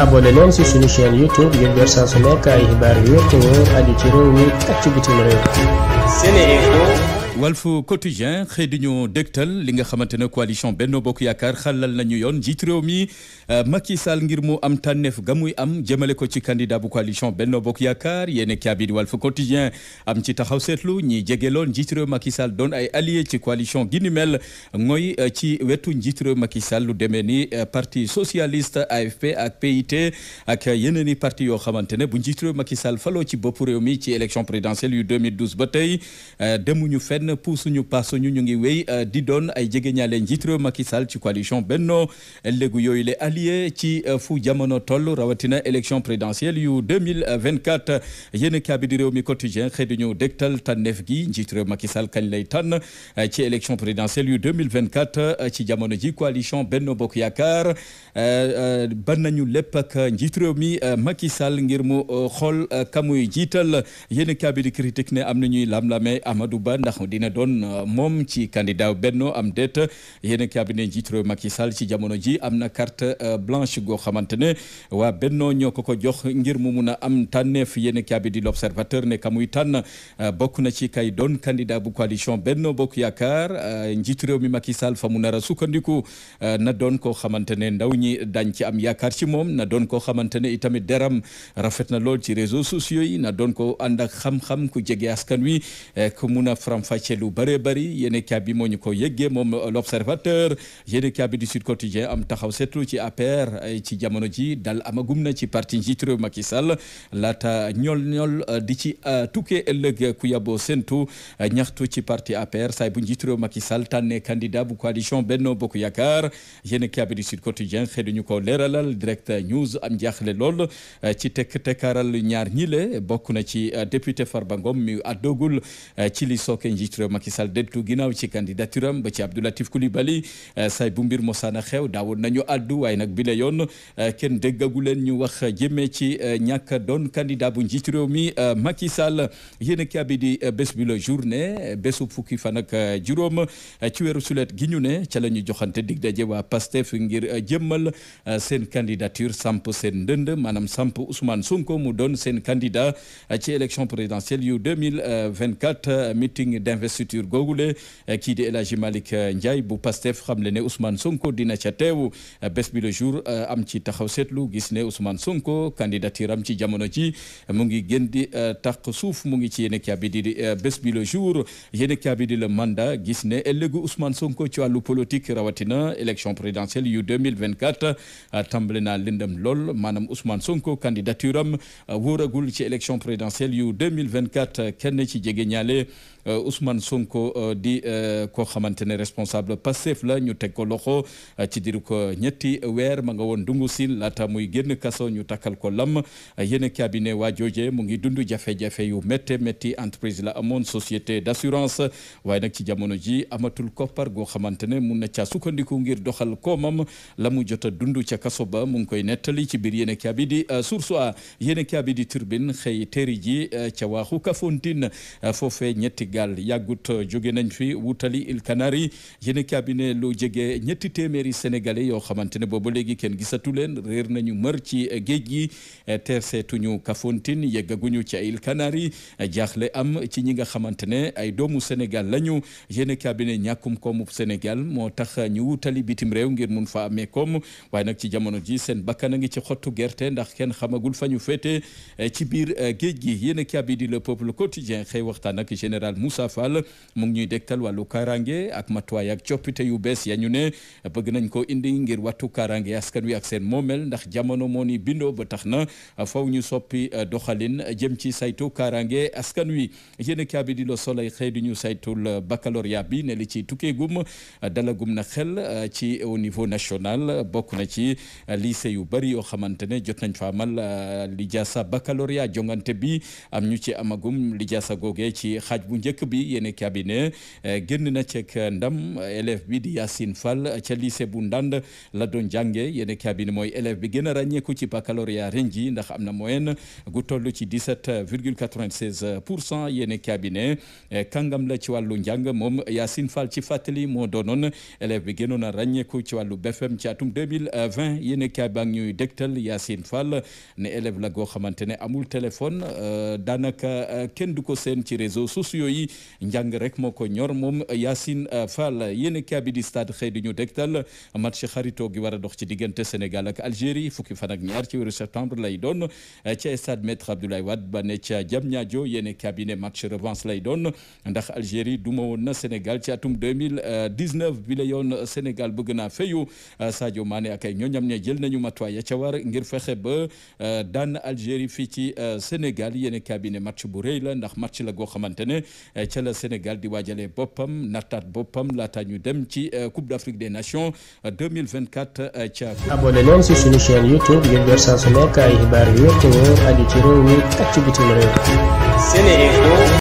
abonné leen ci suñu YouTube ngir jot su nekk ay xibaar yu wér te wóor aju ci réew mi ak Walf Quotidien xëy di ñu dégtal li nga xamante ne coalition Benno Bokk Yaakaar xalal nañu yoon jiit réew mi euh, Macky Sall ngir mu am tànneef ga muy am jëmale ko ci candidat bu coalition Benno Bokk Yaakaar yéen kaabi di Walf Quotidien am ci taxaw seetlu ñi jege jiit réew Macky Sall doon ay allié ci coalition gi ni mel mooy euh, ci wetu njiit réew Macky Sall lu demee ni euh, parti socialist AFP ak PIT ak yeneen i parti yoo xamante ne bu njiit réew Macky Sall ci bopp réew mi ci élection présidentielle yu 2012 ba tey ñun puusuñu paasuñu ñu ngi wéy euh, di doon ay jegeñaale ñaale réew Macky Sall ci coalition Benno léegu yooyu le alliés ci euh, fu jamono toll rawatina élection présidentielle yu 2024 yéen kaabi di réew mi quotidien xëy di ñu dégtal tànneef gi njiit réew Macky Sall kañ lay tànn euh, ci élection présidentielle yu 2024 ci jamono ji coalition Benno Bokk Yaakaar ban nañu lépp ak njiit réew mi Macky Sall ngir mu xool kamuy jiital yéen kaabi di critique ne am na ñuy lamlame Amadou Ba ndax dina doon euh, moom ci candidat benno am déet yenn cabinet njiit réew Macky Sall ci jamono ji am na carte euh, blanche goo xamante ne waa benno ñoo ko ko jox ngir mu mun a am tànneef yéen yenn di l'observateur ne kamuy tànn euh, bokk na ci kay doon candidat bu coalition benno bokk yaakaar njiit réew mi Macky Sall fa mu nara a sukkandiku na doon koo xamante ne ndaw ñi dañ ci am yaakaar ci moom na doon koo xamante ne itamit deram rafet na lool ci réseaux sociaux yi na doon ko ànd ak xam-xam ku jege wàcce lu bëree bëri yéen kaab bi moo ñu ko yëggee moom l'observateur yéen kaab bi du Sud Quotidien am taxaw seetlu ci APR ci jamono ji dal amagum na ci parti njiit réew Macky Sall laata ñool ñool euh, di ci euh, tukkee ëllëg ku yabo sentu euh, ñaxtu ci parti APR saay bu njiit réew Macky Sall tànnee candidat bu coalition Benno Bokk Yaakaar yéen kaab bi du Sud Quotidien xëy ñu ko leeralal direct news am jaaxle lool ci tekk tekkaaral ñaar ñile bokk na ci député Farba mi àddogul ci li sooke njiitu réew Macky Sall deltu ginnaaw ci candidature am ba ci Abdoulatif Coulibaly eh, say bu mbir mosaana xew daawoon nañu addu waaye nag bi la yoon eh, kenn déggagu leen ñu wax jëmee ci eh, ñàkk doon candidat bu njiitu réew mi Macky Sall yéen a kii abi di bés bi la journée besu fukki fan ak juróom ci weeru sulet gi ñu ne ca la ñu joxante dig daje waa fi ngir jëmmal seen candidature samp seen ndënd maanaam samp Ousmane Sonko mu doon seen candidat ci élection présidentielle yu 2024 investiture googule eh, kii di El Hadji Malick eh, Ndiaye bu Pastef xam le ne Ousmane Sonko dina ca teew eh, bés jour am ci taxaw seetlu gis ne Ousmane Sonko candidature am ci jamono ci mu ngi gën di taq suuf mu ngi ci yéen a bi di bés bi le yéen a bi di le mandat gis ne ëllëgu Ousmane Sonko ci wàllu politique rawatina élection présidentielle yu 2024 tàmbale naa lëndam lool maanaam Ousmane Sonko candidature am wóoragul ci élection présidentielle yu 2024 kenn ci jege ñaale Ousmane. Ousmane Sonko euh, di euh, koo xamante ne responsable Pastef la ñu teg ko loxo euh, ci diru ko ñetti weer ma nga woon dungu siin laata muy génn kaso ñu takkal ko lam yéen cabinet waa jooje mu ngi dund jafe-jafe yu métte métti entreprise la amoon société d'assurance waaye nag ci jamono ji amatul koppar goo xamante ne mun na ca sukkandiku ngir doxal koomam la mu jota dund ca kaso ba mu ngi koy nettali ci biir yéen kaabi di source a yéen kaabi di turbine xëy teeri ji ca waaxu Kafountine foofee ñetti gaal yàggut euh, jóge nañ fi wutali il Canari yéen cabinet lu jege ñetti téeméeri sénégalais yoo xamante ne booba léegi kenn gisatu leen réer nañu mër ci géej gi euh, teer seetuñu Kafountine yeggaguñu ci il Canari euh, jaaxle am ci ñi nga xamante ne ay doomu Sénégal lañu yéen cabinet ñàkkum koomu Sénégal moo tax ñu wutali bitim réew ngir mun fa amee koom waaye nag ci jamono ji seen bakkan a ngi ci xottu gerte ndax kenn xamagul fa ñu féete ci biir géej gi yéen cabinet di le peuple quotidien xëy waxtaan ak général taxawal mu ngi ñuy dégtal wàllu kaaraange ak matuwaay ak coppite yu bees ya ñu ne bëgg nañ ko indi ngir wattu kaaraange askan wi ak seen moomel ndax jamono moo ni bindoo ba tax na faw ñu soppi euh, doxalin jëm ci saytu karange askan wi yéen a bi di Le xëy di ñu saytul euh, bakaloria bi ne li ci tukkeegum euh, dalagum na xel ci au niveau national bokk na ci lise yu bari yoo xamante ne jot nañ fa amal lijaasa baccalauréat jongante bi am ñu ci amagum lijaasa googee ci xaaj bu njëkk bi yéene cabinet eh, génn na ceeg ndam élève bi di Yacine Fall ca lycée bu ndand la doon jànge yéene cabinet mooy élève bi gën a ràññeeku ci baccalauréat ren ji ndax am na moyenne gu toll ci 17 virgule 96 pour cent yéene cabinet eh, kàngam la ci wàllu njàng moom yasin Fall ci fàttali moo doonoon élève bi gënoon a ràññeeku ci wàllu BFM ci atum 2020 yéene cabinet ñuy dégtal Yacine Fall ne élève la goo xamante ne amul téléphone euh, daanaka euh, kenn du ko seen ci réseau sociaux yi njàng rek moo ko ñor moom Yacine Fall yéen kaabi di stade xëy di ñu dégtal match xarito gi war a dox ci diggante Sénégal ak Algérie fukki fan ak ñaar ci weeru septembre lay doon ca stade maître Abdoulaye Wade ba ne ca Diamniadio yéen kaabi ne match revanche lay doon ndax Algérie duma woon na Sénégal ci atum 2019 bi la yoon Sénégal bëgg naa feyu Sadio Mané ak ay ñooñam ne jël nañu matuwaay ya ca war ngir fexe ba euh, daan Algérie fii ci euh, Sénégal yéen kaabi ne match bu rëy la ndax match la goo xamante ne euh, la Sénégal di waajalee boppam nattaat boppam laata ñu dem ci euh, Coupe d'Afrique des Nations 2024 euh, ca. Euh, abonné leen si suñu chaîne YouTube ngir jot saa su nekk ay xibaar ci réew mi ak ci bitim réew.